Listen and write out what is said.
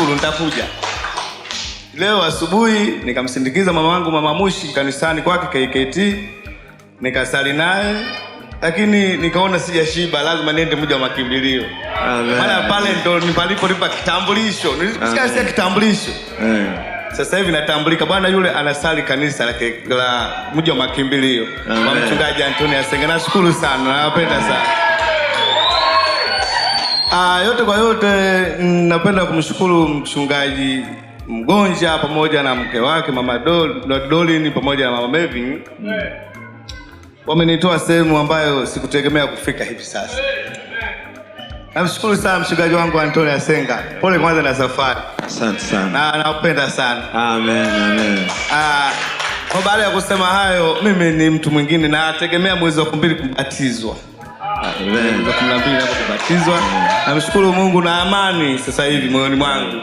nashukuru, nitakuja leo asubuhi. Nikamsindikiza mama wangu Mama Mushi kanisani kwake KKT, nikasali naye lakini nikaona sijashiba, lazima niende muja wa makimbilio, maana pale ndo nipalipolipa kitambulisho, nilisikia kitambulisho. Sasa hivi natambulika, bwana yule anasali kanisa la, la mji wa makimbilio kwa mchungaji Antonia Senge. Nashukuru sana, nawapenda sana. Ah, yote kwa yote mm, napenda kumshukuru mchungaji Mgonja pamoja na mke wake mama Dolin pamoja na mama Mevin wamenitoa sehemu ambayo sikutegemea kufika hivi sasa. Namshukuru sana mchungaji wangu Antonio Asenga. Pole kwanza na safari. Asante sana. Na napenda sana. Amen, amen. Ah, kwa baada ya kusema hayo, mimi ni mtu mwingine na nategemea mwezi wa kumbili kubatizwa. Amen. Kumi na Namshukuru Mungu na amani sasa hivi moyoni mwangu.